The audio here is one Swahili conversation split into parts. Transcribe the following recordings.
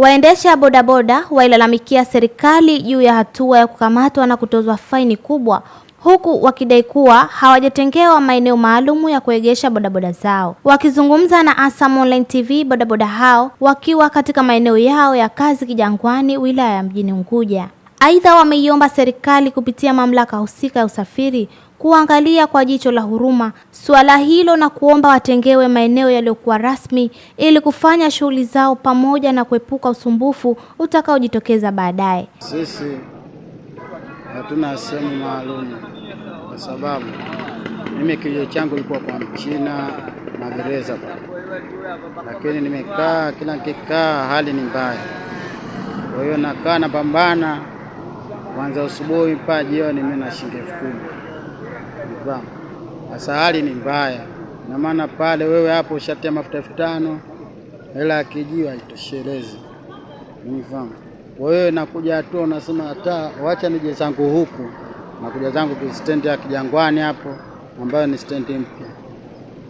Waendesha bodaboda wailalamikia serikali juu ya hatua ya kukamatwa na kutozwa faini kubwa huku wakidai kuwa hawajatengewa maeneo maalumu ya kuegesha bodaboda zao. Wakizungumza na Asam Online TV, bodaboda hao wakiwa katika maeneo yao ya kazi Kijangwani, wilaya ya Mjini Unguja Aidha, wameiomba serikali kupitia mamlaka husika ya usafiri kuangalia kwa jicho la huruma suala hilo na kuomba watengewe maeneo yaliyokuwa rasmi ili kufanya shughuli zao pamoja na kuepuka usumbufu utakaojitokeza baadaye. Sisi hatuna sehemu maalum kwa sababu mimi kilio changu ilikuwa kwa mchina magereza pa lakini nimekaa, kila nikikaa hali ni mbaya, kwa hiyo nakaa napambana kwanza asubuhi mpaka jioni, mimi na shilingi elfu kumi. Sasa hali ni mbaya, na maana pale wewe hapo ushatia mafuta elfu tano hela ya itoshelezi haitoshelezi, unifahamu hiyo Nakuja tu unasema hata wacha nije zangu huku, nakuja zangu stendi ya Kijangwani hapo ambayo ni stendi mpya.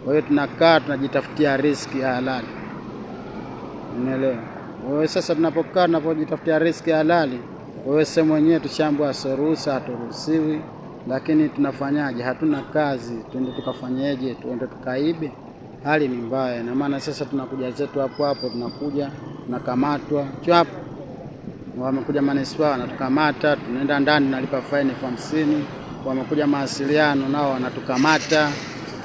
Kwa hiyo tunakaa tunajitafutia riski ya halali, Kwa hiyo Sasa tunapokaa tunapojitafutia riski ya halali wewe hiyo mwenyewe tushambwa aturuhusa haturuhusiwi, lakini tunafanyaje? Hatuna kazi, tuende tukafanyeje? Tuende tukaibe? Hali ni mbaya, na maana sasa tunakuja zetu hapo hapo, tunakuja tunakamatwa hapo. Wamekuja manispaa wanatukamata, tunaenda ndani, tunalipa faini elfu hamsini. Wamekuja mawasiliano, nao wanatukamata,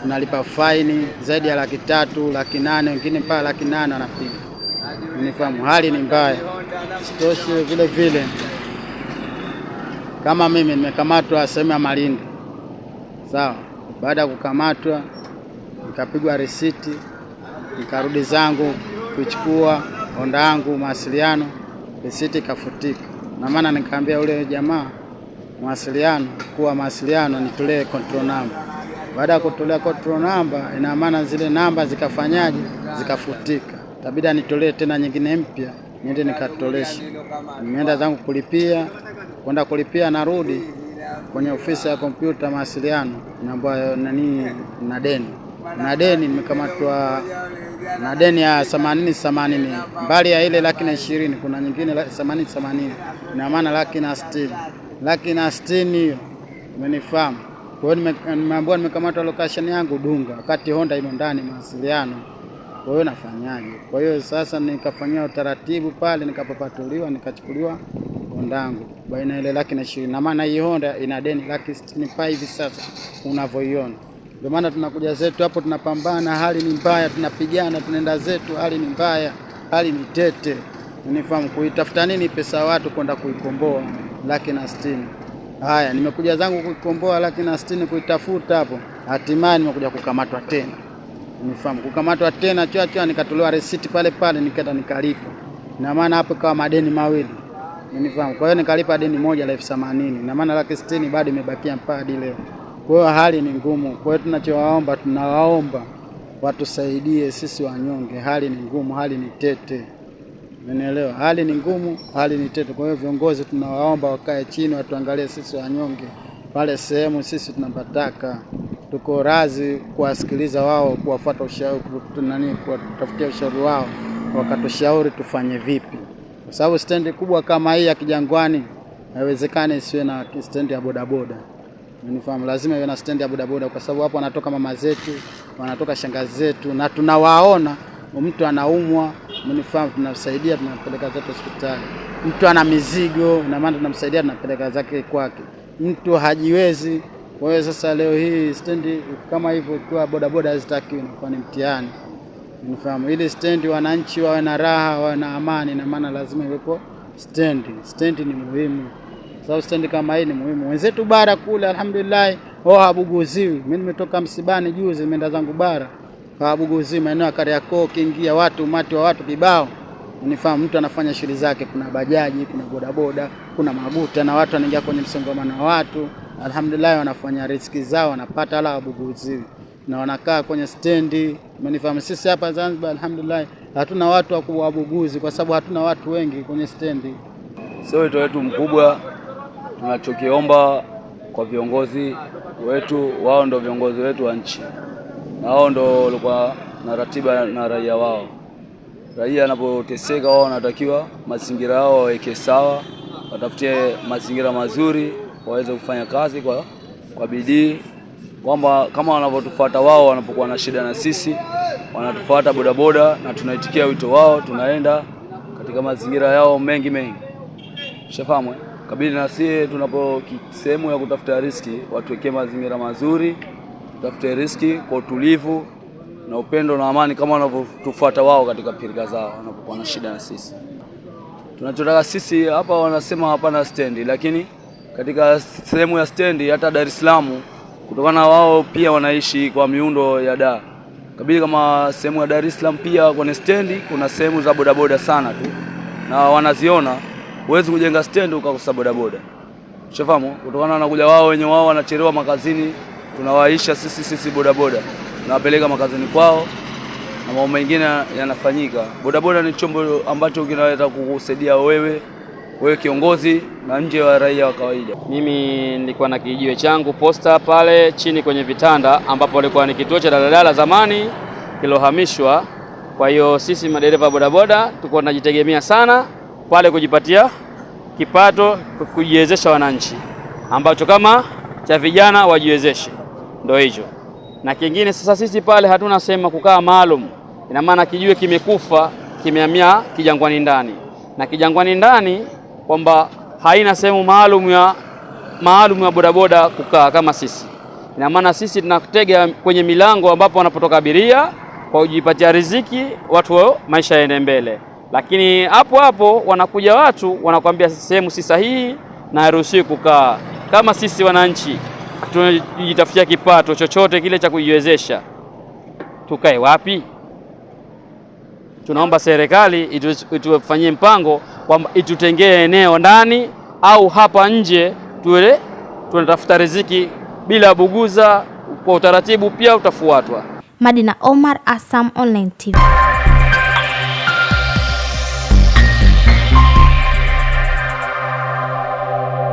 tunalipa faini zaidi ya laki tatu, laki nane, wengine mpaka laki nane wanapiga. Unifahamu, hali ni mbaya, sitoshi vile vile kama mimi nimekamatwa sehemu ya Malindi, sawa. Baada ya kukamatwa, nikapigwa risiti, nikarudi zangu kuchukua onda yangu mawasiliano, risiti ikafutika. Na maana nikaambia ule jamaa mawasiliano kuwa mawasiliano nitolee control number. Baada ya kutolea control number, ina maana zile namba zikafanyaje, zikafutika, tabida nitolee tena nyingine mpya, niende nikatolesha. Nimeenda zangu kulipia kwenda kulipia, narudi kwenye ofisi ya kompyuta mawasiliano, ambayo nani na deni na deni nimekamatwa na deni ya themanini themanini, mbali ya ile laki na ishirini, kuna nyingine themanini themanini, ina maana laki na sitini, laki na sitini hiyo, umenifahamu? Kwa hiyo nimeambiwa nimekamatwa location yangu Dunga, wakati Honda imo ndani mawasiliano. Kwa hiyo nafanyaje? Kwa hiyo sasa nikafanyia utaratibu pale, nikapapatuliwa, nikachukuliwa Honda yangu baina ile laki na ishirini, na maana hii Honda ina deni laki sitini pa sasa unavyoiona. Ndio maana tunakuja zetu hapo, tunapambana, hali ni mbaya, tunapigana, tunaenda zetu, hali ni mbaya, hali ni tete, unifahamu. Kuitafuta nini pesa watu kwenda kuikomboa laki na sitini? Haya, nimekuja zangu kuikomboa laki na sitini, kuitafuta hapo, hatimaye nimekuja kukamatwa tena, unifahamu. Kukamatwa tena chwa chwa, nikatolewa receipt pale pale, nikaenda nikalipa, na maana hapo kawa madeni mawili Unifahamu. Kwa hiyo nikalipa deni moja elfu themanini na maana laki sitini bado imebakia mpaka hadi leo. Kwa hiyo hali ni ngumu. Kwa hiyo tunachowaomba, tunawaomba watusaidie sisi wanyonge, hali ni ngumu, hali ni tete. Unielewa? hali ni ngumu, hali ni tete. Kwa hiyo viongozi tunawaomba wakae chini, watuangalie sisi wanyonge pale sehemu sisi tunapataka. Tuko razi kuwasikiliza wao, kuwafuata ushauri, nani, kuwatafutia ushauri wao, wakatushauri tufanye vipi sababu stendi kubwa kama hii ya Kijangwani haiwezekani isiwe na stendi ya bodaboda. Unifahamu, lazima iwe na stendi ya bodaboda kwa sababu hapo wanatoka mama zetu, wanatoka shangazi zetu, na tunawaona. Mtu anaumwa, unifahamu, tunamsaidia, tunampeleka zetu hospitali. Mtu ana mizigo, na maana tunamsaidia, tunapeleka zake kwake. Mtu hajiwezi, kwa hiyo sasa leo hii stendi kama hivyo ikiwa bodaboda hazitaki, inakuwa ni mtihani. Unafahamu, ili stendi wananchi wawe na raha, wawe na amani, na maana lazima iwepo stendi. Stendi ni muhimu, sababu stendi kama hii ni muhimu. Wenzetu bara kule, alhamdulillah, wao habuguziwi. Mimi nimetoka msibani juzi, nimeenda zangu bara, hawabuguziwi. Maeneo ya Kariakoo ukiingia, watu umati wa watu kibao, unifahamu. Mtu anafanya shughuli zake, kuna bajaji, kuna bodaboda, kuna maguta na watu wanaingia kwenye msongamano wa watu. Alhamdulillah, wanafanya riziki zao, wanapata, wala hawabuguziwi na wanakaa kwenye stendi Umenifahamu? Sisi hapa Zanzibar alhamdulillah hatuna watu wa kuwabuguzi kwa sababu hatuna watu wengi kwenye stendi. Sio wito wetu mkubwa, tunachokiomba kwa viongozi wetu, wao ndo viongozi wetu wa nchi na wao ndo walikuwa na ratiba na raia wao. Raia anapoteseka, wao wanatakiwa mazingira yao waweke sawa, watafutie mazingira mazuri waweze kufanya kazi kwa, kwa bidii kwamba kama wanavyotufuata wao wanapokuwa na shida na sisi, wanatufuata bodaboda na tunaitikia wito wao, tunaenda katika mazingira yao mengi mengi, shafahamu eh? kabili na sie, tunapo sehemu ya kutafuta riski, watuwekee mazingira mazuri, tutafute riski kwa utulivu na upendo na amani, kama wanavyotufuata wao katika pirika zao wanapokuwa na shida na sisi. Tunachotaka sisi hapa, wanasema hapana stendi, lakini katika sehemu ya stendi hata Dar es Salaam kutokana wao pia wanaishi kwa miundo ya da kabili kama sehemu ya Dar es Salaam. Pia kwenye stendi kuna sehemu za bodaboda sana tu na wanaziona, huwezi kujenga stendi ukakosa bodaboda, ushafahamu. Kutokana na kuja wao wenye wao wanachelewa makazini, tunawaisha sisi sisi bodaboda, tunawapeleka makazini kwao na mambo mengine yanafanyika. Bodaboda ni chombo ambacho kinaweza kukusaidia wewe wewe kiongozi na nje wa raia wa kawaida. Mimi nilikuwa na kijiwe changu posta pale chini kwenye vitanda, ambapo alikuwa ni kituo cha daladala zamani kilohamishwa. Kwa hiyo sisi madereva bodaboda tulikuwa tunajitegemea sana pale kujipatia kipato, kujiwezesha wananchi, ambacho kama cha vijana wajiwezeshe, ndio hicho na kingine. Sasa sisi pale hatuna sema kukaa maalum, ina maana kijiwe kimekufa, kimehamia Kijangwani ndani na Kijangwani ndani kwamba haina sehemu maalum ya maalum ya bodaboda kukaa kama sisi. Ina maana sisi tunatega kwenye milango ambapo wanapotoka abiria kwa kujipatia riziki, watu maisha yaende mbele, lakini hapo hapo wanakuja watu wanakuambia sehemu si sahihi na haruhusiwi kukaa. Kama sisi wananchi tunajitafutia kipato chochote kile cha kujiwezesha, tukae wapi? tunaomba serikali itufanyie mpango kwamba itutengee eneo ndani au hapa nje, tuwe tunatafuta riziki bila buguza, kwa utaratibu pia utafuatwa. Madina Omar, ASAM Online TV.